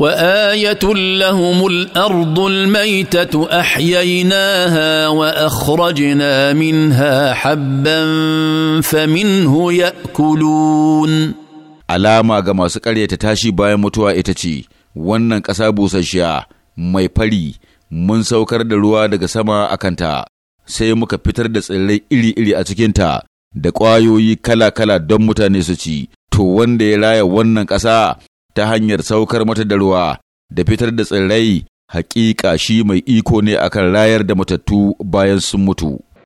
وايه لهم الارض الميته احييناها واخرجنا منها حبا فمنه ياكلون alama ga masu ƙaryata tashi bayan mutuwa ita ce wannan ƙasa busasshiya mai fari mun saukar da ruwa daga sama a kanta sai muka fitar da tsirrai iri-iri a cikinta da ƙwayoyi kala-kala don mutane su ci to wanda ya raya wannan ƙasa ta hanyar saukar mata da ruwa da fitar da tsirrai, hakika shi mai iko ne akan rayar da matattu bayan sun mutu.